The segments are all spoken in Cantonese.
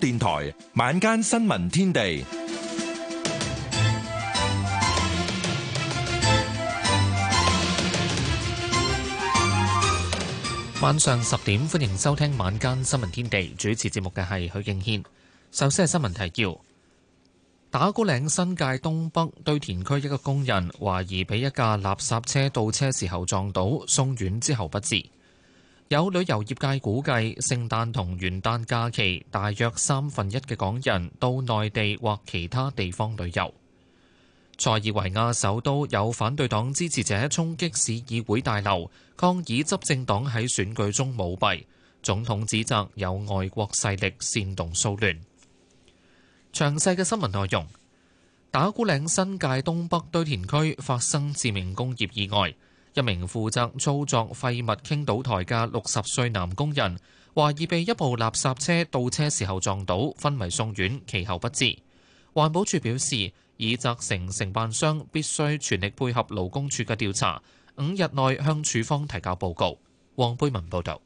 電台晚間新聞天地，晚上十點歡迎收聽晚間新聞天地。主持節目嘅係許敬軒。首先係新聞提要：打鼓嶺新界東北堆填區一個工人，懷疑畀一架垃圾車倒車時候撞到，送院之後不治。有旅遊業界估計，聖誕同元旦假期，大約三分一嘅港人到內地或其他地方旅遊。塞爾維亞首都有反對黨支持者衝擊市議會大樓，抗議執政黨喺選舉中舞弊。總統指責有外國勢力煽動騷亂。詳細嘅新聞內容，打鼓嶺新界東北堆填區發生致命工業意外。一名負責操作廢物傾倒台嘅六十歲男工人，懷疑被一部垃圾車倒車時候撞倒，昏迷送院，其後不治。環保署表示，已責成承辦商必須全力配合勞工處嘅調查，五日內向署方提交報告。黃貝文報道。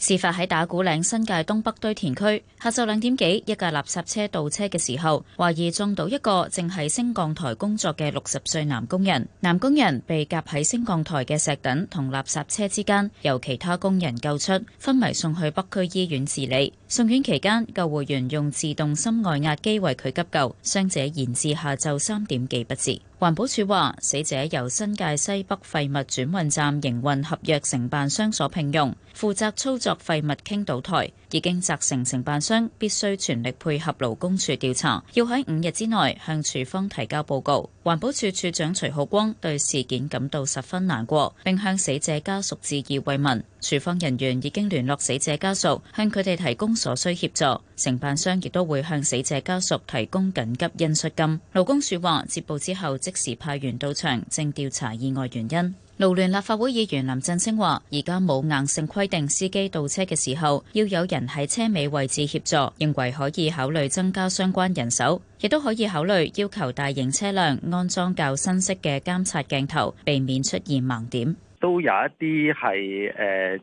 事發喺打鼓嶺新界東北堆填區，下晝兩點幾，一架垃圾車倒車嘅時候，懷疑撞到一個正喺升降台工作嘅六十歲男工人，男工人被夾喺升降台嘅石凳同垃圾車之間，由其他工人救出，昏迷送去北區醫院治理。送院期間，救護員用自動心外壓機為佢急救，傷者延至下晝三點幾不治。環保署話，死者由新界西北廢物轉運站營運合約承辦商所聘用，負責操作廢物傾倒台，已經責成承辦商必須全力配合勞工處調查，要喺五日之內向署方提交報告。環保署署長徐浩光對事件感到十分難過，並向死者家屬致以慰問。處方人員已經聯絡死者家屬，向佢哋提供所需協助。承辦商亦都會向死者家屬提供緊急恩恤金。勞工處話接報之後即時派員到場，正調查意外原因。勞聯立法會議員林振昇話：而家冇硬性規定，司機倒車嘅時候要有人喺車尾位置協助，認為可以考慮增加相關人手，亦都可以考慮要求大型車輛安裝較新式嘅監察鏡頭，避免出現盲點。都有一啲係誒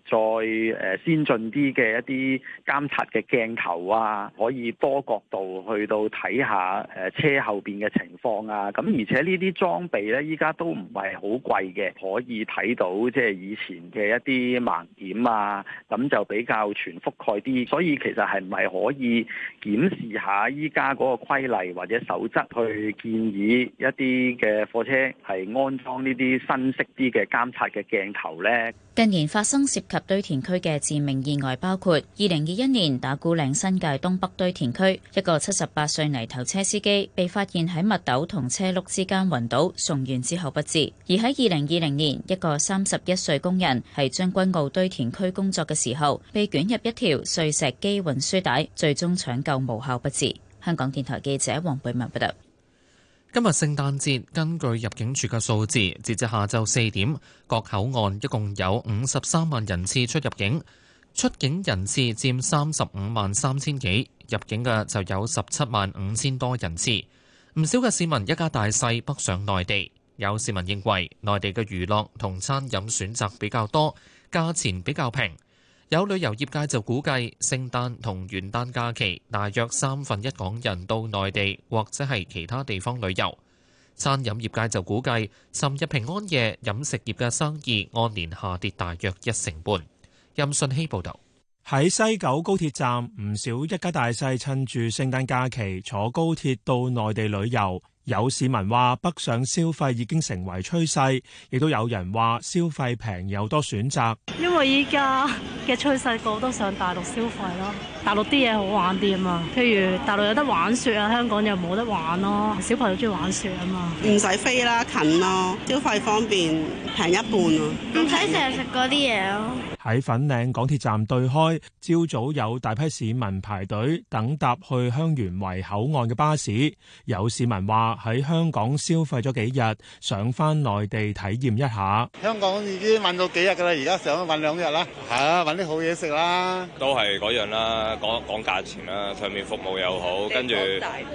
再誒、呃、先進啲嘅一啲監察嘅鏡頭啊，可以多角度去到睇下誒、呃、車後邊嘅情況啊。咁而且呢啲裝備咧，依家都唔係好貴嘅，可以睇到即係以前嘅一啲盲點啊。咁就比較全覆蓋啲，所以其實，係唔係可以檢視下依家嗰個規例或者守則去建議一啲嘅貨車係安裝呢啲新式啲嘅監察嘅鏡頭咧，近年發生涉及堆填區嘅致命意外，包括二零二一年打鼓嶺新界東北堆填區，一個七十八歲泥頭車司機被發現喺密斗同車轆之間暈倒，送院之後不治；而喺二零二零年，一個三十一歲工人喺將軍澳堆填區工作嘅時候，被捲入一條碎石機運輸帶，最終搶救無效不治。香港電台記者黃貝文報道。今日聖誕節，根據入境處嘅數字，截至下晝四點，各口岸一共有五十三萬人次出入境，出境人次佔三十五萬三千幾，入境嘅就有十七萬五千多人次。唔少嘅市民一家大細北上內地，有市民認為內地嘅娛樂同餐飲選擇比較多，價錢比較平。有旅遊業界就估計，聖誕同元旦假期，大約三分一港人到內地或者係其他地方旅遊。餐飲業界就估計，尋日平安夜飲食業嘅生意按年下跌大約一成半。任信希報導。喺西九高鐵站，唔少一家大細趁住聖誕假期坐高鐵到內地旅遊。有市民話北上消費已經成為趨勢，亦都有人話消費平有多選擇。因為依家嘅趨勢個個都上大陸消費咯，大陸啲嘢好玩啲啊嘛。譬如大陸有得玩雪啊，香港又冇得玩咯。小朋友中意玩雪啊嘛，唔使飛啦，近咯，消費方便平一半咯，唔使成日食嗰啲嘢咯。喺粉嶺港鐵站對開，朝早有大批市民排隊等搭去香園圍口岸嘅巴士。有市民話。喺香港消費咗幾日，想翻內地體驗一下。香港已經玩咗幾日噶啦，而家想玩兩日啦，係啊，揾啲好嘢食啦。都係嗰樣啦，講講價錢啦，上面服務又好，跟住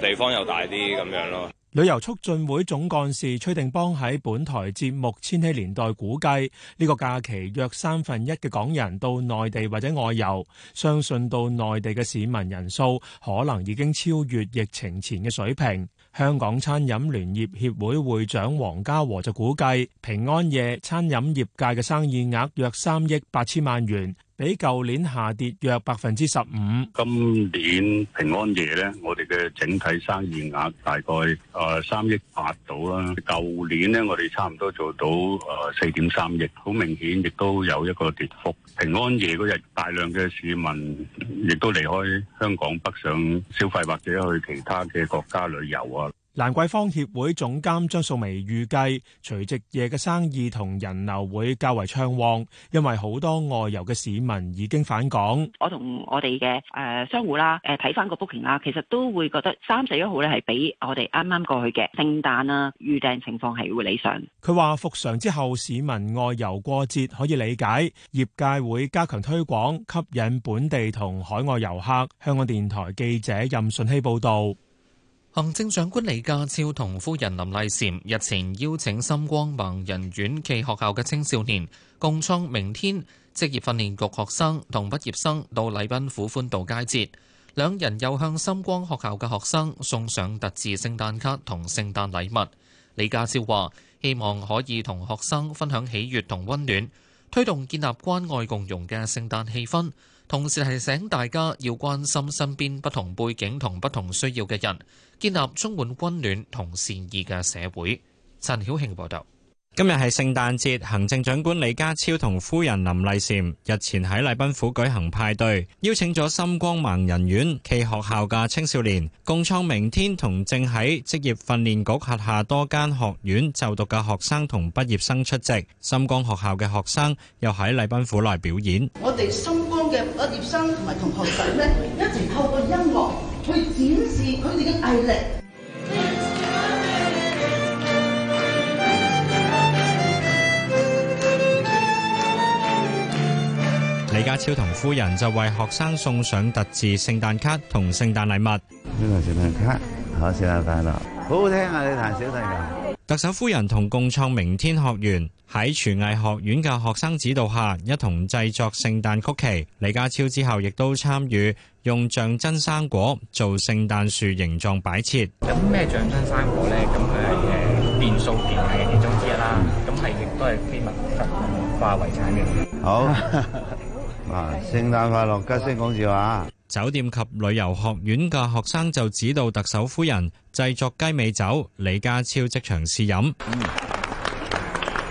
地方又大啲咁好樣咯。旅遊促進會總幹事崔定邦喺本台節目《千禧年代》估計，呢、呢個假期約三分一嘅港人到內地或者外遊，相信到內地嘅市民人數可能已經超越疫情前嘅水平。香港餐飲聯業協會會長黃家和就估計，平安夜餐飲業界嘅生意額約三億八千萬元。比舊年下跌約百分之十五。今年平安夜咧，我哋嘅整體生意額大概誒三億八到啦。舊年咧，我哋差唔多做到誒四點三億，好明顯亦都有一個跌幅。平安夜嗰日大量嘅市民亦都離開香港北上消費或者去其他嘅國家旅遊啊。蘭桂坊協會總監張素薇預計，除夕夜嘅生意同人流會較為暢旺，因為好多外遊嘅市民已經返港。我同我哋嘅誒商戶啦，誒睇翻個 booking 啦，其實都會覺得三十一號咧係比我哋啱啱過去嘅聖誕啦預訂情況係會理想。佢話復常之後市民外遊過節可以理解，業界會加強推廣，吸引本地同海外遊客。香港電台記者任順希報道。行政長官李家超同夫人林麗嬋日前邀請深光盲人院暨學校嘅青少年共創明天，職業訓練局學生同畢業生到禮賓府歡度佳節。兩人又向深光學校嘅學生送上特製聖誕卡同聖誕禮物。李家超話：希望可以同學生分享喜悅同温暖，推動建立關愛共融嘅聖誕氣氛。同時提醒大家要關心身邊不同背景同不同需要嘅人，建立充滿溫暖同善意嘅社會。陳曉慶報道。今日係聖誕節，行政長官李家超同夫人林麗嬋日前喺禮賓府舉行派對，邀請咗深光盲人院暨學校嘅青少年，共創明天同正喺職業訓練局轄下多間學院就讀嘅學生同畢業生出席。深光學校嘅學生又喺禮賓府內表演。我哋深光嘅畢業生同埋同學仔呢，一齊透過音樂去展示佢哋嘅毅力。李家超同夫人就為學生送上特製聖誕卡同聖誕禮物。呢個聖誕卡，好聖誕快樂！好好聽啊，你彈小弟。特首夫人同共創明天學員喺廚藝學院嘅學生指導下，一同製作聖誕曲奇。李家超之後亦都參與用象真生果做聖誕樹形狀擺設。咁咩象真生果呢？咁佢係誒，變數嘅其中之一啦。咁係都係非物質文化遺產嘅。好。 聖誕、啊、快樂！吉星講笑話。酒店及旅遊學院嘅學生就指導特首夫人製作雞尾酒，李家超即場試飲、嗯。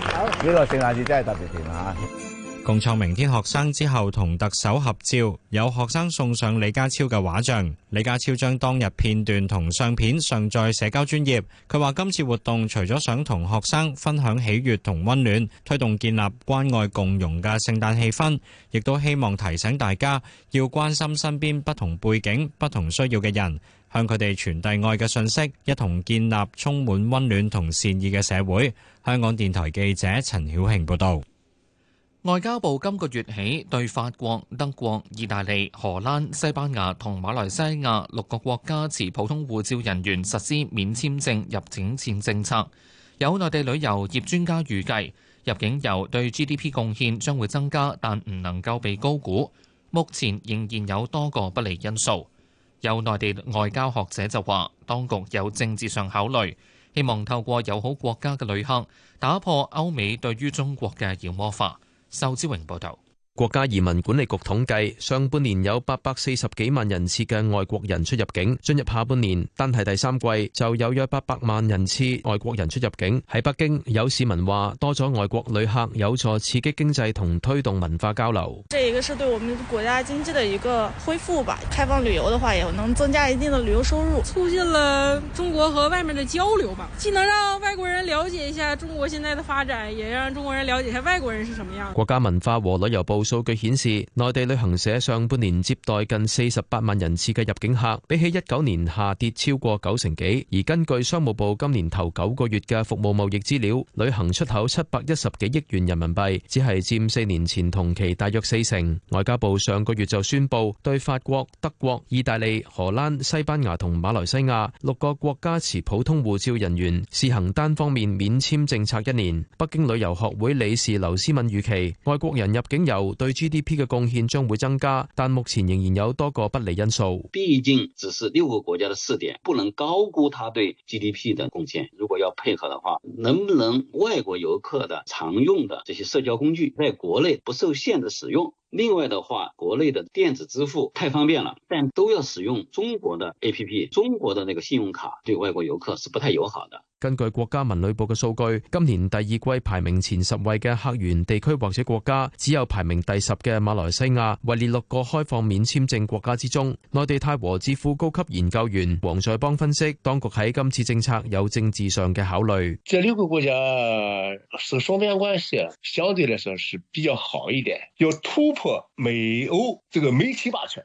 好，呢個聖誕節真係特別甜啊！嗯共創明天學生之後同特首合照，有學生送上李家超嘅畫像，李家超將當日片段同相片上載社交專頁，佢話今次活動除咗想同學生分享喜悅同溫暖，推動建立關愛共融嘅聖誕氣氛，亦都希望提醒大家要關心身邊不同背景、不同需要嘅人，向佢哋傳遞愛嘅信息，一同建立充滿溫暖同善意嘅社會，香港電台記者陳曉慶報道。外交部今個月起對法國、德國、意大利、荷蘭、西班牙同馬來西亞六個國家持普通護照人員實施免簽證入境前政策。有內地旅遊業專家預計，入境遊對 GDP 貢獻將會增加，但唔能夠被高估。目前仍然有多個不利因素。有內地外交學者就話，當局有政治上考慮，希望透過友好國家嘅旅客打破歐美對於中國嘅妖魔化。邵志榮報道。國家移民管理局統計，上半年有八百四十幾萬人次嘅外國人出入境，進入下半年，單係第三季就有約八百萬人次外國人出入境。喺北京，有市民話多咗外國旅客，有助刺激經濟同推動文化交流。這個是對我們國家經濟的一個恢復吧。開放旅遊的話，也能增加一定的旅遊收入，促進了中國和外面的交流吧。既能讓外國人了解一下中國現在的發展，也讓中國人了解一下外國人是什麼樣。國家文化和旅遊部。數據顯示，內地旅行社上半年接待近四十八萬人次嘅入境客，比起一九年下跌超過九成幾。而根據商務部今年頭九個月嘅服務貿易資料，旅行出口七百一十幾億元人民幣，只係佔四年前同期大約四成。外交部上個月就宣布，對法國、德國、意大利、荷蘭、西班牙同馬來西亞六個國家持普通護照人員試行單方面免簽政策一年。北京旅遊學會理事劉思敏預期，外國人入境遊對 GDP 的貢獻將會增加，但目前仍然有多個不利因素。畢竟只是六個國家的試點，不能高估它對 GDP 的貢獻。如果要配合的話，能不能外國遊客的常用的這些社交工具在國內不受限的使用？另外的話，國內的電子支付太方便了，但都要使用中國的 APP，中國的那個信用卡對外國遊客是不太友好的。根據國家文旅部嘅數據，今年第二季排名前十位嘅客源地區或者國家，只有排名第十嘅馬來西亞位列六個開放免簽證國家之中。內地泰和智庫高級研究員王在邦分析，當局喺今次政策有政治上嘅考慮。這六個國家是雙邊關係，相對來說是比較好一點，要突破美歐這個美企霸權。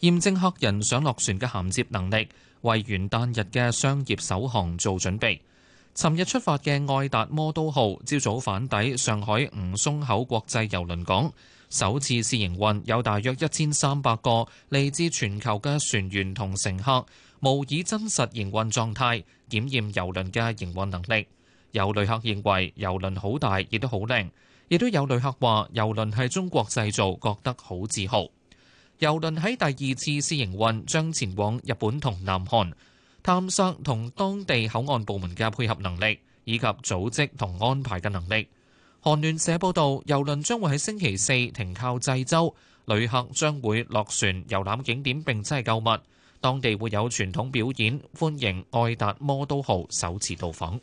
驗證客人上落船嘅銜接能力，為元旦日嘅商業首航做準備。尋日出發嘅愛達魔都號，朝早返抵上海吳淞口國際郵輪港，首次試營運，有大約一千三百個嚟自全球嘅船員同乘客，模擬真實營運狀態，檢驗郵輪嘅營運能力。有旅客認為郵輪好大，亦都好靚，亦都有旅客話郵輪係中國製造，覺得好自豪。郵輪喺第二次試營運，將前往日本同南韓，探索同當地口岸部門嘅配合能力以及組織同安排嘅能力。韓聯社報道，郵輪將會喺星期四停靠濟州，旅客將會落船遊覽景點並即係購物，當地會有傳統表演歡迎愛達魔都號首次到訪。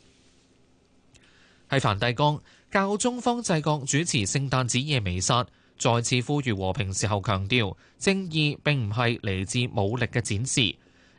喺梵蒂岡，教宗方濟各主持聖誕子夜彌撒。再次呼籲和平時候，強調正義並唔係嚟自武力嘅展示。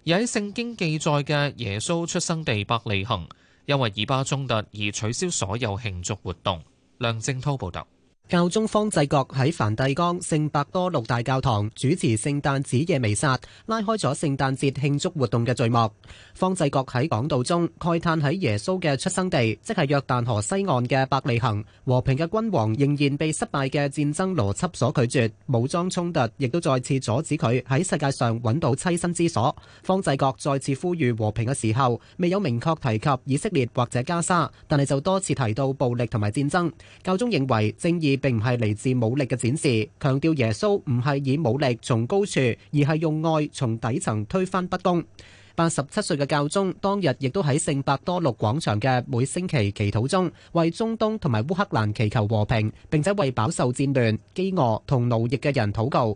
而喺聖經記載嘅耶穌出生地伯利恆，因為以巴衝突而取消所有慶祝活動。梁正濤報道。教宗方濟各喺梵蒂岡聖伯多祿大教堂主持聖誕子夜彌撒，拉開咗聖誕節慶祝活動嘅序幕。方濟各喺講道中慨嘆，喺耶穌嘅出生地，即係約旦河西岸嘅伯利恒，和平嘅君王仍然被失敗嘅戰爭邏輯所拒絕，武裝衝突亦都再次阻止佢喺世界上揾到棲身之所。方濟各再次呼籲和平嘅時候，未有明確提及以色列或者加沙，但係就多次提到暴力同埋戰爭。教宗認為正義。並唔係嚟自武力嘅展示，強調耶穌唔係以武力從高處，而係用愛從底層推翻不公。八十七歲嘅教宗當日亦都喺聖伯多祿廣場嘅每星期祈禱中，為中東同埋烏克蘭祈求和平，並且為飽受戰亂、飢餓同奴役嘅人禱告。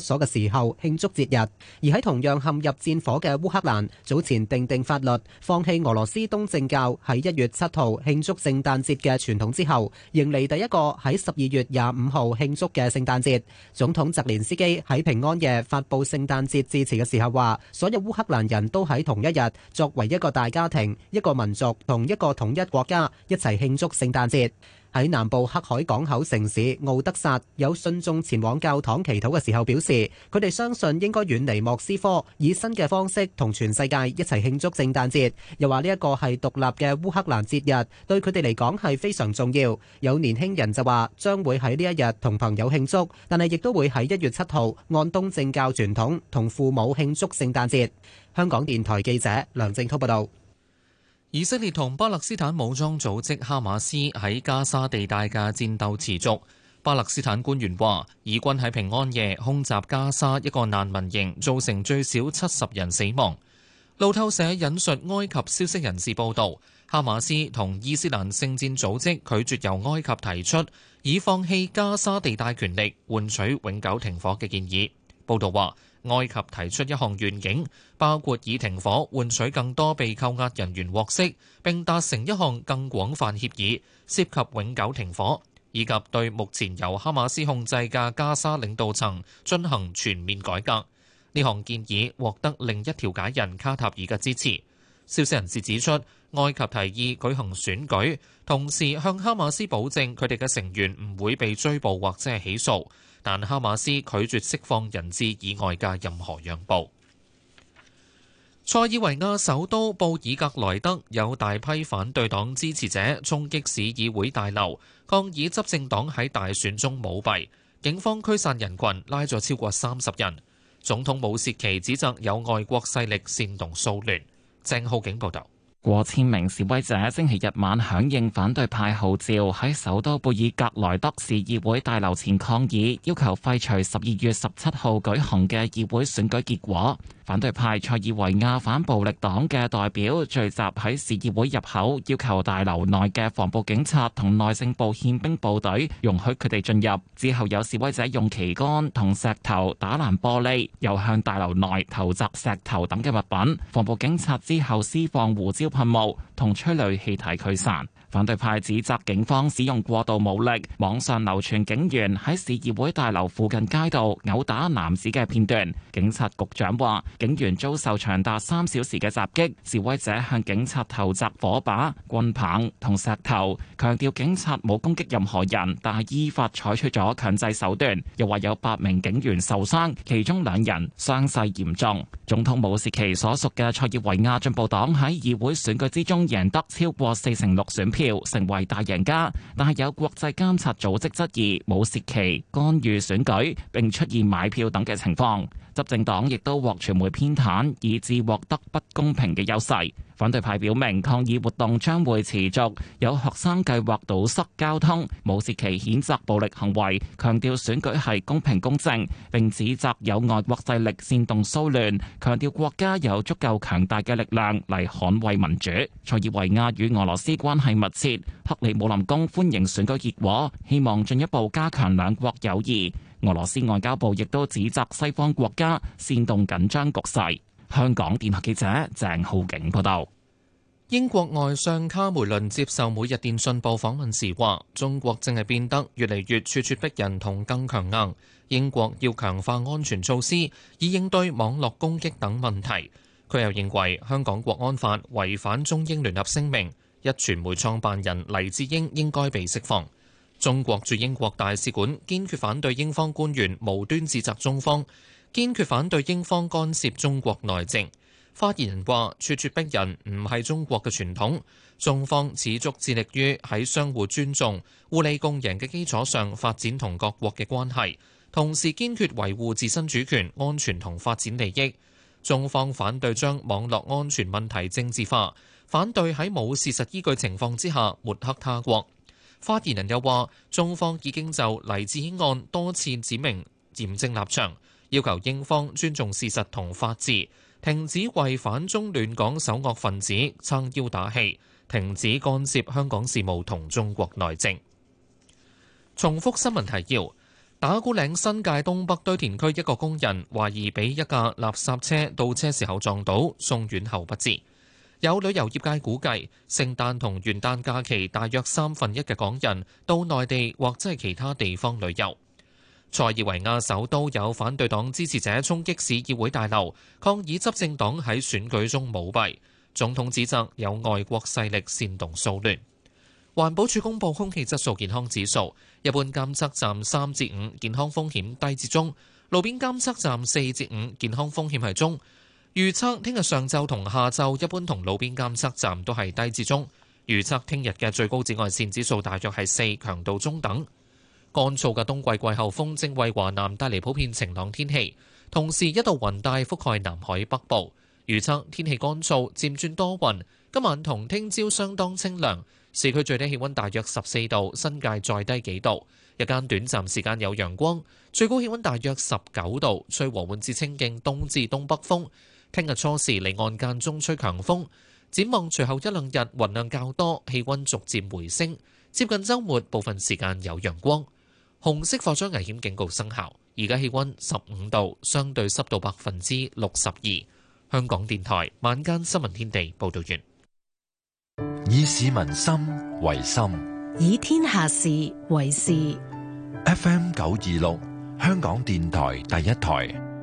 所嘅時候慶祝節日，而喺同樣陷入戰火嘅烏克蘭，早前訂定法律放棄俄羅斯東正教喺一月七號慶祝聖誕節嘅傳統之後，迎嚟第一個喺十二月廿五號慶祝嘅聖誕節。總統澤連斯基喺平安夜發布聖誕節致辭嘅時候話，所有烏克蘭人都喺同一日作為一個大家庭，一個民族、同一個統一國家一齊慶祝聖誕節。喺南部黑海港口城市奧德薩有信眾前往教堂祈禱嘅時候表示，佢哋相信應該遠離莫斯科，以新嘅方式同全世界一齊慶祝聖誕節，又話呢一個係獨立嘅烏克蘭節日，對佢哋嚟講係非常重要。有年輕人就話將會喺呢一日同朋友慶祝，但係亦都會喺一月七號按東正教傳統同父母慶祝聖誕節。香港電台記者梁正濤報道。以色列同巴勒斯坦武裝組織哈馬斯喺加沙地帶嘅戰鬥持續，巴勒斯坦官員話，以軍喺平安夜空襲加沙一個難民營，造成最少七十人死亡。路透社引述埃及消息人士報道，哈馬斯同伊斯蘭聖戰組織拒絕由埃及提出，以放棄加沙地帶權力，換取永久停火嘅建議。報道話。埃及提出一項願景，包括以停火換取更多被扣押人員獲釋，並達成一項更廣泛協議，涉及永久停火，以及對目前由哈馬斯控制嘅加沙領導層進行全面改革。呢項建議獲得另一調解人卡塔爾嘅支持。消息人士指出，埃及提議舉行選舉，同時向哈馬斯保證佢哋嘅成員唔會被追捕或者係起訴。但哈馬斯拒絕釋放人質以外嘅任何讓步。塞爾維亞首都布爾格萊德有大批反對黨支持者衝擊市議會大樓，抗議執政黨喺大選中舞弊。警方驅散人群，拉咗超過三十人。總統武契奇指責有外國勢力煽動騷亂。鄭浩景報道。過千名示威者星期日晚響應反對派號召，喺首都貝爾格萊德市議會大樓前抗議，要求廢除十二月十七號舉行嘅議會選舉結果。反對派塞爾維亞反暴力黨嘅代表聚集喺市議會入口，要求大樓內嘅防暴警察同內政部憲兵部隊容許佢哋進入。之後有示威者用旗桿同石頭打爛玻璃，又向大樓內投擲石頭等嘅物品。防暴警察之後施放胡椒噴霧同催淚氣體驅散。反對派指責警方使用過度武力，網上流傳警員喺市議會大樓附近街道毆打男子嘅片段。警察局長話，警員遭受長達三小時嘅襲擊，示威者向警察投擲火把、棍棒同石頭。強調警察冇攻擊任何人，但係依法採取咗強制手段。又話有八名警員受傷，其中兩人傷勢嚴重。總統武士奇所屬嘅塞爾維亞進步黨喺議會選舉之中贏得超過四成六選票。成為大贏家，但係有國際監察組織質疑冇涉及干預選舉，並出現買票等嘅情況。執政黨亦都獲傳媒偏袒，以致獲得不公平嘅優勢。反對派表明抗議活動將會持續，有學生計劃堵塞交通，武契奇譴責暴力行為，強調選舉係公平公正，並指責有外國勢力煽動騷亂，強調國家有足夠強大嘅力量嚟捍衛民主。塞爾維亞與俄羅斯關係密切，克里姆林宮歡迎選舉結果，希望進一步加強兩國友誼。俄羅斯外交部亦都指責西方國家煽動緊張局勢。香港電台記者鄭浩景報道，英國外相卡梅倫接受《每日電訊報》訪問時話，中國正係變得越嚟越咄咄逼人同更強硬，英國要強化安全措施以應對網絡攻擊等問題。佢又認為香港國安法違反中英聯合聲明，壹傳媒創辦人黎智英應該被釋放。中國駐英國大使館堅決反對英方官員無端指責中方，堅決反對英方干涉中國內政。發言人話：咄咄逼人唔係中國嘅傳統，中方始終致力於喺相互尊重、互利共贏嘅基礎上發展同各國嘅關係，同時堅決維護自身主權、安全同發展利益。中方反對將網絡安全問題政治化，反對喺冇事實依據情況之下抹黑他國。發言人又話：中方已經就黎智英案多次指明嚴正立場，要求英方尊重事實同法治，停止為反中亂港首惡分子撐腰打氣，停止干涉香港事務同中國內政。重複新聞提要：打鼓嶺新界東北堆填區一個工人懷疑被一架垃圾車倒車時候撞到，送院後不治。有旅遊業界估計，聖誕同元旦假期，大約三分一嘅港人到內地或者係其他地方旅遊。塞爾維亞首都有反對黨支持者衝擊市議會大樓，抗議執政黨喺選舉中舞弊。總統指責有外國勢力煽動騷亂。環保署公布空氣質素健康指數，一般監測站三至五，健康風險低至中；路邊監測站四至五，健康風險係中。預測聽日上晝同下晝，一般同路邊監測站都係低至中。預測聽日嘅最高紫外線指數大約係四，強度中等。乾燥嘅冬季季候風正為華南帶嚟普遍晴朗天氣，同時一道雲帶覆蓋南海北部。預測天氣乾燥，漸轉多雲。今晚同聽朝相當清涼，市區最低氣温大約十四度，新界再低幾度。日間短暫時間有陽光，最高氣温大約十九度，吹和緩至清勁，東至東北風。聽日初時離岸間中吹強風，展望隨後一兩日雲量較多，氣溫逐漸回升，接近周末部分時間有陽光。紅色火災危險警告生效，而家氣溫十五度，相對濕度百分之六十二。香港電台晚間新聞天地報道完，以市民心為心，以天下事為事。FM 九二六，香港電台第一台。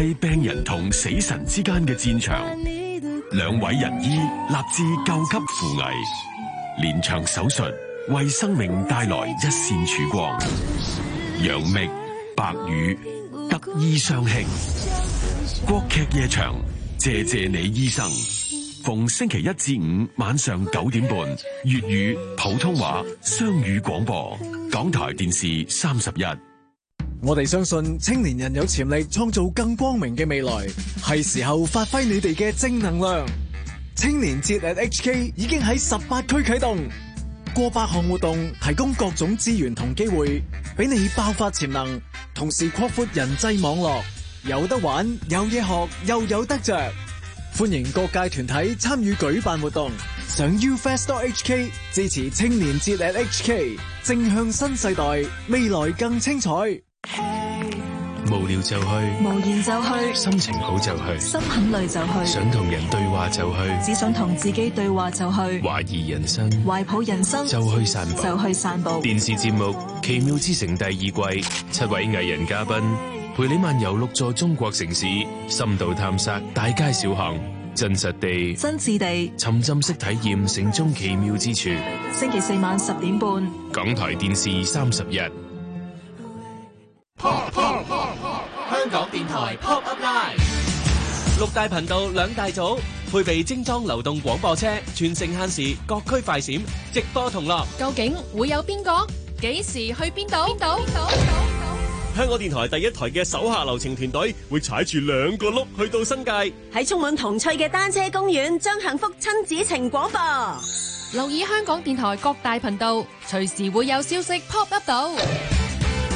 係病人同死神之間嘅戰場，兩位仁醫立志救急扶危，連場手術為生命帶來一線曙光。楊冪、白宇，得意相慶，國劇夜場，謝謝你醫生。逢星期一至五晚上九點半，粵語、普通話雙語廣播，港台電視三十一。我哋相信青年人有潛力創造更光明嘅未來，係時候發揮你哋嘅正能量。青年節 at H K 已經喺十八區啟動，過百項活動提供各種資源同機會俾你爆發潛能，同時擴闊人際網絡。有得玩，有嘢學，又有得着。歡迎各界團體參與舉辦活動，上 U Fast HK 支持青年節 at H K，正向新世代，未來更精彩。無聊就去，無言就去，心情好就去，心很累就去，想同人對話就去，只想同自己對話就去，懷疑人生，懷抱人生，就去散步，就去散步。電視節目《奇妙之城》第二季，七位藝人嘉賓陪你漫遊六座中國城市，深度探索大街小巷，真實地、真摯地沉浸式體驗城中奇妙之處。星期四晚十點半，港台電視三十日。 香港電台 Pop Up Live，六大頻道兩大組，配備精裝流動廣播車，全城限時，各區快閃，直播同樂。究竟會有邊個？幾時去邊度？邊度？香港電台第一台嘅手下留情團隊，會踩住兩個轆去到新界。喺充滿童趣嘅單車公園，將幸福親子情廣播。留意香港電台各大頻道，隨時會有消息 Pop Up 到。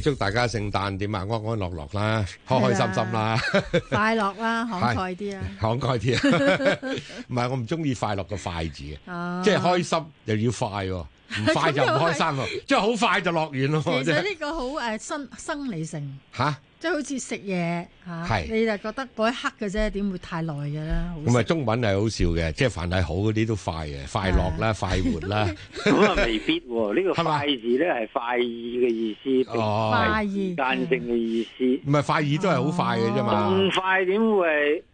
祝大家聖誕點啊！安安樂樂啦，開開心心啦，的 快樂啦，慷慨啲啊，慷慨啲啊！唔 係我唔中意快樂個快字嘅。哦、即係開心又要快喎，啊。唔快就唔開心，即係好快就樂完咯。其實呢個好，誒生生理性嚇，即係、啊、好似食嘢嚇，你就覺得嗰一刻嘅啫，點會太耐嘅咧？唔係中文係好笑嘅，即係凡係好嗰啲都快嘅，快樂啦，啊、快活啦，咁啊未必喎。呢、呢個快字咧係快意嘅意思，哦哦、快意間性嘅意思。唔係快意都係好快嘅啫嘛。唔、哦、快點會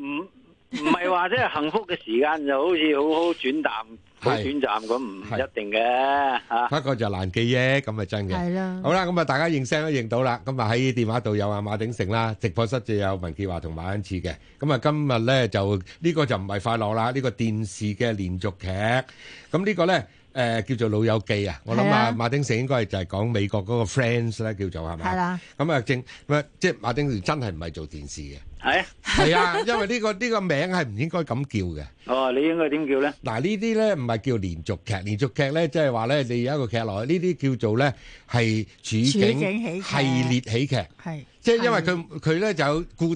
唔？嗯唔係話即係幸福嘅時間就好似好好短暫，好短暫咁，唔一定嘅吓。不過就難記憶咁啊，真嘅。係啦。好啦，咁啊，大家應聲都應到啦。咁啊，喺電話度有阿馬鼎盛啦，直播室就有文建華同馬恩賜嘅。咁啊，今日咧就呢個就唔係快樂啦。呢個電視嘅連續劇，咁呢個咧誒叫做老友記啊。我諗啊，馬鼎盛應該係就係講美國嗰個 Friends 咧叫做係嘛？係啦。咁啊正，咁啊即係馬鼎盛真係唔係做電視嘅。係啊，係啊，因為呢個呢個名係唔應該咁叫嘅。哦，你應該點叫咧？嗱，呢啲咧唔係叫連續劇，連續劇咧即係話咧你有一個劇落，呢啲叫做咧係處境系列喜劇，係，即係因為佢佢咧就有固。